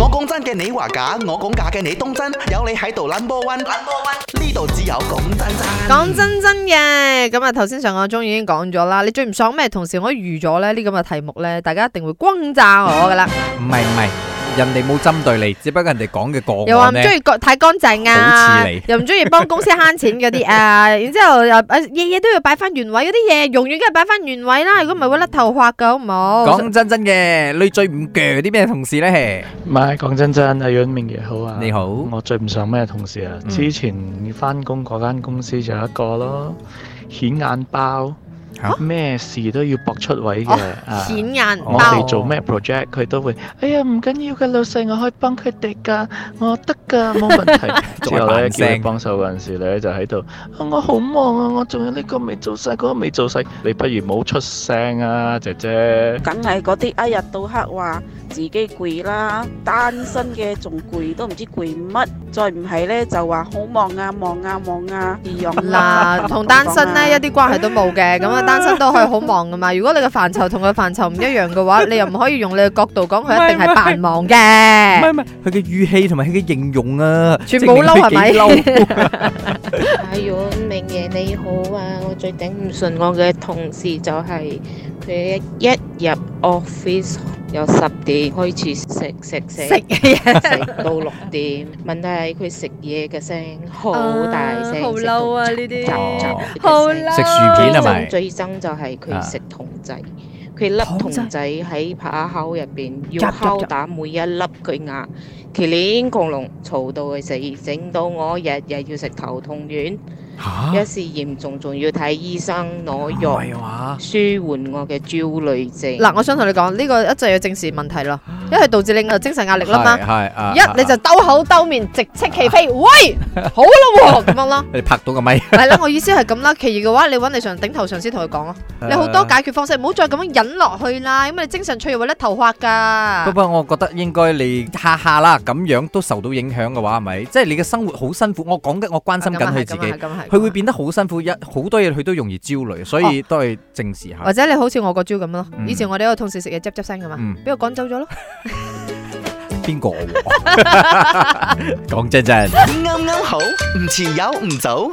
我講真嘅，你話假；我講假嘅，你當真。有你喺度，number one，number one，呢度只有講真真。講真真嘅，咁啊，頭先上個鐘已經講咗啦。你最唔爽咩？同時我預咗呢啲咁嘅題目呢，大家一定會轟炸我噶啦。唔係唔係。人哋冇針對你，只不過人哋講嘅講話咧，又唔中意太乾淨啊，像你又唔中意幫公司慳錢嗰啲啊， 然之後又誒，日日都要擺翻原位嗰啲嘢，永遠都係擺翻原位啦，如果唔係會甩頭髮噶，好唔好？講真真嘅，以你最唔鋸啲咩同事咧？唔係講真真阿楊明傑好啊，你好，我最唔想咩同事啊？嗯、之前翻工嗰間公司就有一個咯，顯眼包。咩 Huh? 事都要搏出位嘅，我哋做咩 project 佢都會，哎呀唔緊要嘅老細，我可以幫佢哋噶，我得噶冇問題。之 後咧 叫佢幫手嗰陣時咧就喺度，啊，我好忙啊，我仲有呢個未做晒，嗰，這個未做晒，你不如冇出聲啊，姐姐。梗係嗰啲一日到黑話自己攰啦，單身嘅仲攰，都唔知攰乜。再唔係呢，就話好忙啊忙啊忙啊咁樣啦。啊、 同單身呢， 一啲關係都冇嘅。咁啊，單身都可以好忙㗎嘛。如果你嘅範疇同佢嘅範疇唔一樣嘅話，你又唔可以用你嘅角度講佢一定係扮忙嘅。唔係唔係，佢嘅語氣同埋佢嘅形容啊，全部嬲係咪？阿阮、哎、明爺你好啊！我最頂唔順我嘅同事就係、是、佢一入 office 由十點開始食食食食嘢食到六點， 問題係佢食嘢嘅聲好大聲，好嬲、uh, 啊！呢啲食薯片係咪？噪最憎就係佢食桶仔。Uh, 佢粒童仔喺扒口入邊，要敲打每一粒佢牙，麒麟恐龍嘈到佢死，整到我日日要食頭痛丸。一時嚴重，仲要睇醫生攞藥舒緩我嘅焦慮症。嗱、啊，我想同你講呢、這個一就係正視問題咯，一係導致你嘅精神壓力啦嘛。 一你就兜口兜面直斥其非， 喂，好啦、啊，咁 樣咯。 你拍到個咪？係啦、 嗯，我意思係咁啦。其餘嘅話，你搵你上頂頭上司同佢講咯。 你好多解決方式，唔好再咁樣忍落去啦。咁你精神脆弱會甩頭髮噶。不過我覺得應該你下下啦，咁樣都受到影響嘅話，係咪？即、就、係、是、你嘅生活好辛苦。我講緊，我關心緊佢自己。佢會變得好辛苦，一好多嘢佢都容易焦慮，所以都係正視下、哦。或者你好似我個招咁咯，嗯、以前我哋個同事食嘢執執聲噶嘛，俾、嗯、我趕走咗咯。邊個？講真真、 嗯。啱、嗯、啱好，唔遲有，唔早，